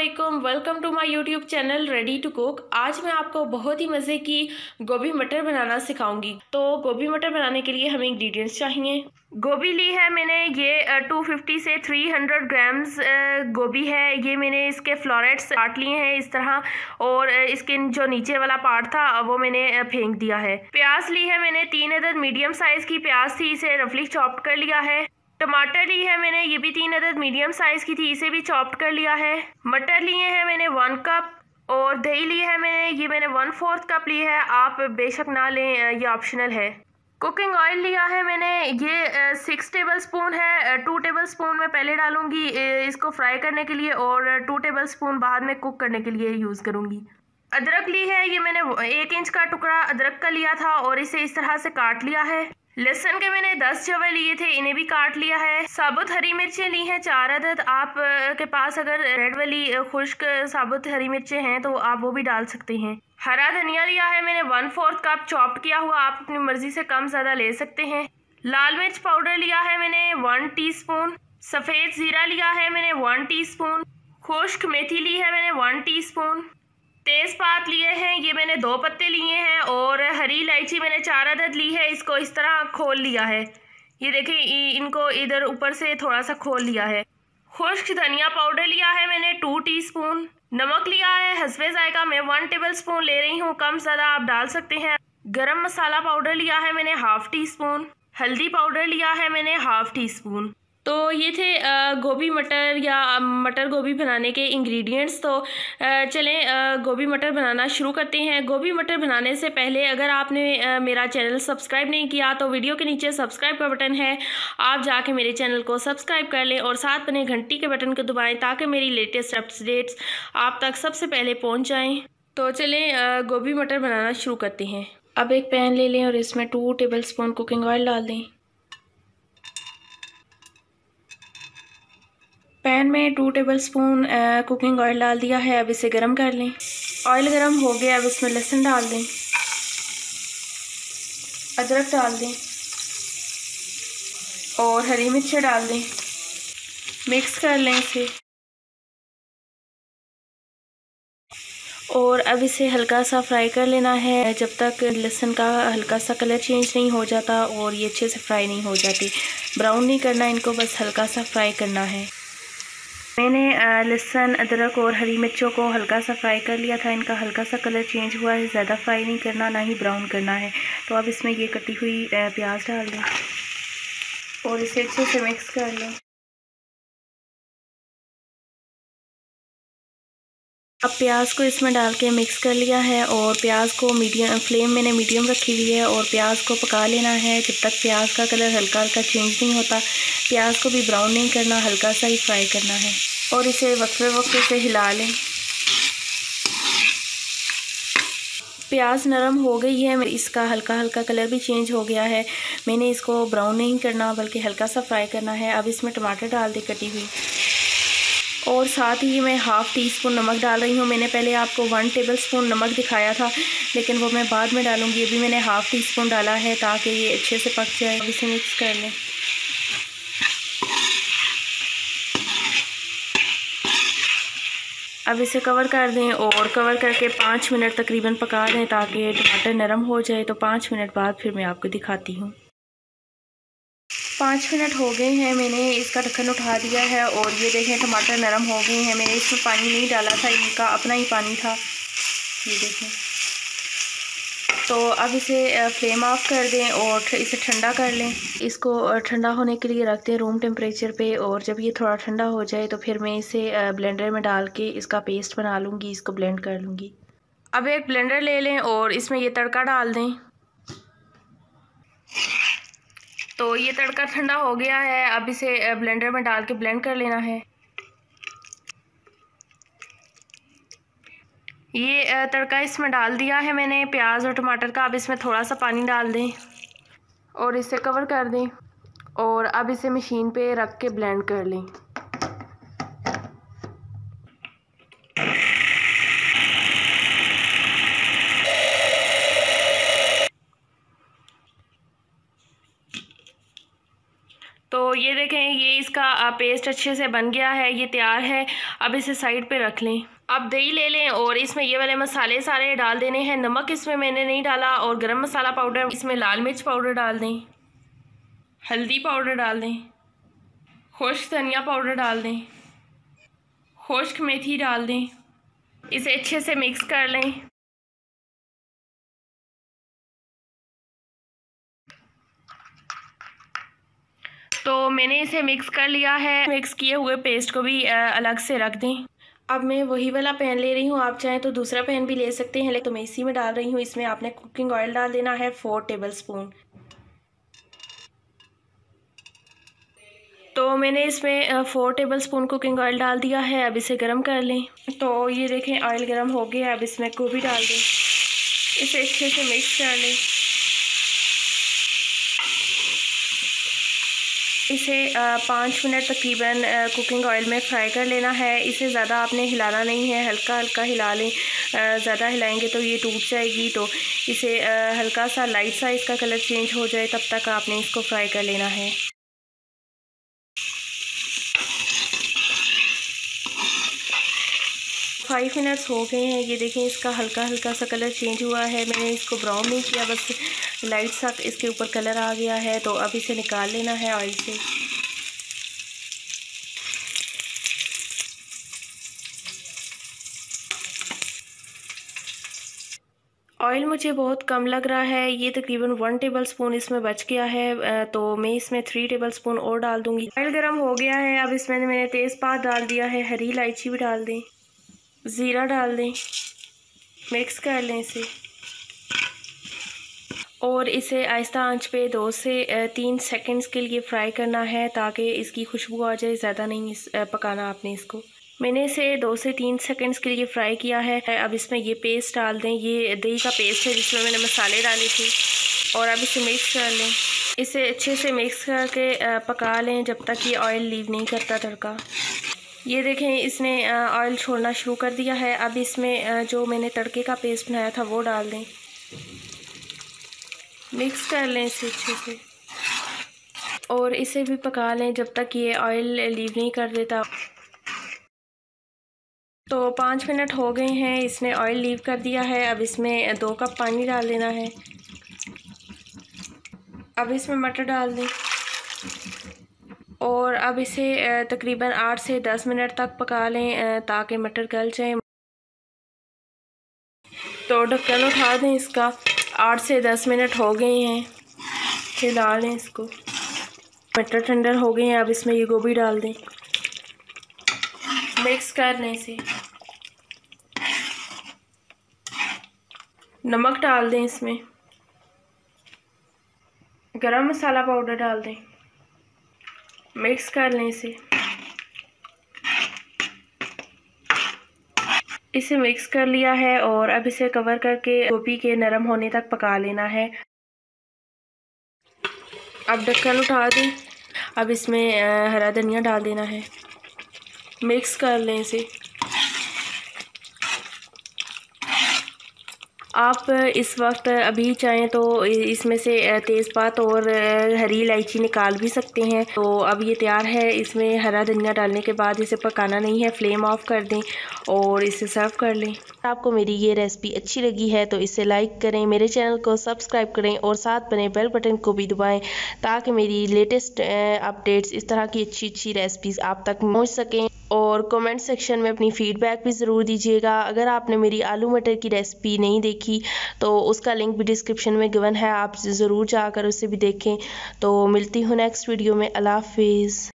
Aslam welcome to my YouTube channel ready to cook आज मैं आपको बहुत ही मज़े की गोभी मटर बनाना सिखाऊंगी तो गोभी मटर बनाने के लिए हमें इंग्रेडिएंट्स चाहिए गोभी ली है मैंने ये 250 से 300 ग्राम्स गोभी है ये मैंने इसके फ्लोरेट्स काट लिए हैं इस तरह और इसके जो नीचे वाला पार्ट था वो मैंने फेंक दिया है प्याज ली है मैंने तीन अदर मीडियम साइज़ की प्याज थी इसे रफली चॉप कर लिया है टमाटर ली है मैंने ये भी तीन अदद मीडियम साइज़ की थी इसे भी चॉप्ड कर लिया है मटर लिए हैं मैंने वन कप और दही ली है मैंने ये मैंने वन फोर्थ कप ली है आप बेशक ना लें ये ऑप्शनल है कुकिंग ऑयल लिया है मैंने ये सिक्स टेबल स्पून है टू टेबल स्पून मैं पहले डालूंगी इसको फ्राई करने के लिए और टू टेबल स्पून बाद में कुक करने के लिए यूज़ करूँगी अदरक ली है ये मैंने एक इंच का टुकड़ा अदरक का लिया था और इसे इस तरह से काट लिया है लहसन के मैंने दस जवे लिए थे इन्हें भी काट लिया है साबुत हरी मिर्चें ली हैं चार अदद आप के पास अगर रेड वाली खुश्क साबुत हरी मिर्चें हैं तो आप वो भी डाल सकते हैं हरा धनिया लिया है मैंने वन फोर्थ कप चॉप किया हुआ आप अपनी मर्जी से कम ज़्यादा ले सकते हैं लाल मिर्च पाउडर लिया है मैंने वन टी सफ़ेद ज़ीरा लिया है मैंने वन टी खुश्क मेथी ली है मैंने वन टी तेज़पात लिए हैं ये मैंने दो पत्ते लिए हैं और हरी इलायची मैंने चार अदद ली है इसको इस तरह खोल लिया है ये देखिए इनको इधर ऊपर से थोड़ा सा खोल लिया है खुश्क धनिया पाउडर लिया है मैंने टू टीस्पून नमक लिया है हसबे जायका मैं वन टेबल स्पून ले रही हूँ कम ज़्यादा आप डाल सकते हैं गरम मसाला पाउडर लिया है मैंने हाफ़ टी स्पून हल्दी पाउडर लिया है मैंने हाफ़ टी स्पून तो ये थे गोभी मटर या मटर गोभी बनाने के इंग्रेडिएंट्स तो चलें गोभी मटर बनाना शुरू करते हैं गोभी मटर बनाने से पहले अगर आपने मेरा चैनल सब्सक्राइब नहीं किया तो वीडियो के नीचे सब्सक्राइब का बटन है आप जाके मेरे चैनल को सब्सक्राइब कर लें और साथ बने घंटी के बटन को दबाएँ ताकि मेरी लेटेस्ट अपडेट्स आप तक सबसे पहले पहुँच जाएँ तो चलें गोभी मटर बनाना शुरू करते हैं अब एक पैन ले लें और इसमें two tablespoon cooking oil डाल दें पैन में two tablespoon cooking oil डाल दिया है अब इसे गर्म कर लें ऑयल गर्म हो गया अब इसमें लहसुन डाल दें अदरक डाल दें और हरी मिर्च डाल दें मिक्स कर लें इसे और अब इसे हल्का सा फ्राई कर लेना है जब तक लहसुन का हल्का सा कलर चेंज नहीं हो जाता और ये अच्छे से फ्राई नहीं हो जाती ब्राउन नहीं करना इनको बस हल्का सा फ्राई करना है मैंने लहसन अदरक और हरी मिर्चों को हल्का सा फ्राई कर लिया था इनका हल्का सा कलर चेंज हुआ है ज़्यादा फ्राई नहीं करना ना ही ब्राउन करना है तो अब इसमें ये कटी हुई प्याज डाल दें और इसे अच्छे से मिक्स कर लें अब प्याज को इसमें डाल के मिक्स कर लिया है और प्याज को मीडियम फ्लेम मैंने मीडियम रखी हुई है और प्याज को पका लेना है जब तक प्याज का कलर हल्का हल्का चेंज नहीं होता प्याज को भी ब्राउन नहीं करना हल्का सा ही फ्राई करना है और इसे वक्फे वक्फे से हिला लें प्याज नरम हो गई है इसका हल्का हल्का कलर भी चेंज हो गया है मैंने इसको ब्राउन नहीं करना बल्कि हल्का सा फ्राई करना है अब इसमें टमाटर डाल दी कटी हुई और साथ ही मैं हाफ़ टी स्पून नमक डाल रही हूँ मैंने पहले आपको वन टेबल स्पून नमक दिखाया था लेकिन वो मैं बाद में डालूँगी अभी मैंने हाफ़ टी स्पून डाला है ताकि ये अच्छे से पक जाए इसे मिक्स कर लें अब इसे कवर कर दें और कवर करके पाँच मिनट तकरीबन पका दें ताकि टमाटर नरम हो जाए तो पाँच मिनट बाद फिर मैं आपको दिखाती हूँ पाँच मिनट हो गए हैं मैंने इसका ढक्कन उठा दिया है और ये देखें टमाटर नरम हो गए हैं मैंने इसमें पानी नहीं डाला था इनका अपना ही पानी था ये देखें तो अब इसे फ्लेम ऑफ कर दें और इसे ठंडा कर लें इसको ठंडा होने के लिए रख दें रूम टेम्परेचर पे और जब ये थोड़ा ठंडा हो जाए तो फिर मैं इसे ब्लेंडर में डाल के इसका पेस्ट बना लूँगी इसको ब्लेंड कर लूँगी अब एक ब्लेंडर ले लें और इसमें ये तड़का डाल दें तो ये तड़का ठंडा हो गया है अब इसे ब्लेंडर में डाल के ब्लेंड कर लेना है ये तड़का इसमें डाल दिया है मैंने प्याज और टमाटर का अब इसमें थोड़ा सा पानी डाल दें और इसे कवर कर दें और अब इसे मशीन पे रख के ब्लेंड कर लें तो ये देखें ये इसका पेस्ट अच्छे से बन गया है ये तैयार है अब इसे साइड पे रख लें अब दही ले लें और इसमें ये वाले मसाले सारे डाल देने हैं नमक इसमें मैंने नहीं डाला और गरम मसाला पाउडर इसमें लाल मिर्च पाउडर डाल दें हल्दी पाउडर डाल दें खुश्क धनिया पाउडर डाल दें खुश्क मेथी डाल दें इसे अच्छे से मिक्स कर लें तो मैंने इसे मिक्स कर लिया है मिक्स किए हुए पेस्ट को भी अलग से रख दें अब मैं वही वाला पैन ले रही हूँ आप चाहें तो दूसरा पैन भी ले सकते हैं लेकिन तो मैं इसी में डाल रही हूँ इसमें आपने कुकिंग ऑयल डाल देना है फोर टेबल स्पून तो मैंने इसमें four tablespoon cooking oil डाल दिया है अब इसे गर्म कर लें तो ये देखें ऑयल गर्म हो गया अब इसमें गोभी डाल दें इसे अच्छे से मिक्स कर लें इसे पाँच मिनट तकरीबन कुकिंग ऑयल में फ्राई कर लेना है इसे ज़्यादा आपने हिलाना नहीं है हल्का हल्का हिला लें ज़्यादा हिलाएंगे तो ये टूट जाएगी तो इसे हल्का सा लाइट सा इसका कलर चेंज हो जाए तब तक आपने इसको फ्राई कर लेना है फाइव मिनट्स हो गए हैं ये देखें इसका हल्का हल्का सा कलर चेंज हुआ है मैंने इसको ब्राउन नहीं किया बस लाइट सा इसके ऊपर कलर आ गया है तो अब इसे निकाल लेना है ऑयल से ऑयल मुझे बहुत कम लग रहा है ये तकरीबन वन टेबल स्पून इसमें बच गया है तो मैं इसमें थ्री टेबल स्पून और डाल दूंगी ऑयल गर्म हो गया है अब इसमें मैंने तेज़पात डाल दिया है हरी इलायची भी डाल दें ज़ीरा डाल दें मिक्स कर लें इसे और इसे आहिस्ता आंच पे दो से तीन सेकंड्स के लिए फ्राई करना है ताकि इसकी खुशबू आ जाए ज़्यादा नहीं इस पकाना आपने इसको मैंने इसे दो से तीन सेकंड्स के लिए फ्राई किया है अब इसमें ये पेस्ट डाल दें ये दही का पेस्ट है जिसमें मैंने मसाले डाले थे और अब इसे मिक्स कर लें इसे अच्छे से मिक्स करके पका लें जब तक ये ऑयल लीव नहीं करता तड़का ये देखें इसने ऑयल छोड़ना शुरू कर दिया है अब इसमें जो मैंने तड़के का पेस्ट बनाया था वो डाल दें मिक्स कर लें इसे अच्छे से और इसे भी पका लें जब तक ये ऑयल लीव नहीं कर देता तो पाँच मिनट हो गए हैं इसने ऑयल लीव कर दिया है अब इसमें दो कप पानी डाल देना है अब इसमें मटर डाल दें और अब इसे तकरीबन आठ से दस मिनट तक पका लें ताकि मटर गल जाए तो ढक्कन उठा दें इसका आठ से दस मिनट हो गए हैं डाल लें इसको मटर ठंडर हो गए हैं अब इसमें ये गोभी डाल दें मिक्स कर लें इसे नमक डाल दें इसमें गरम मसाला पाउडर डाल दें मिक्स कर लें इसे इसे मिक्स कर लिया है और अब इसे कवर करके गोभी के नरम होने तक पका लेना है अब ढक्कन उठा दें अब इसमें हरा धनिया डाल देना है मिक्स कर लें इसे आप इस वक्त अभी चाहें तो इसमें से तेज़पात और हरी इलायची निकाल भी सकते हैं तो अब ये तैयार है इसमें हरा धनिया डालने के बाद इसे पकाना नहीं है फ्लेम ऑफ कर दें और इसे सर्व कर लें आपको मेरी ये रेसिपी अच्छी लगी है तो इसे लाइक करें मेरे चैनल को सब्सक्राइब करें और साथ बने बेल बटन को भी दबाएँ ताकि मेरी लेटेस्ट अपडेट्स इस तरह की अच्छी अच्छी रेसिपीज़ आप तक पहुँच सकें और कमेंट सेक्शन में अपनी फ़ीडबैक भी ज़रूर दीजिएगा अगर आपने मेरी आलू मटर की रेसिपी नहीं देखी तो उसका लिंक भी डिस्क्रिप्शन में गिवन है आप ज़रूर जाकर उसे भी देखें तो मिलती हूँ नेक्स्ट वीडियो में अला हाफिज़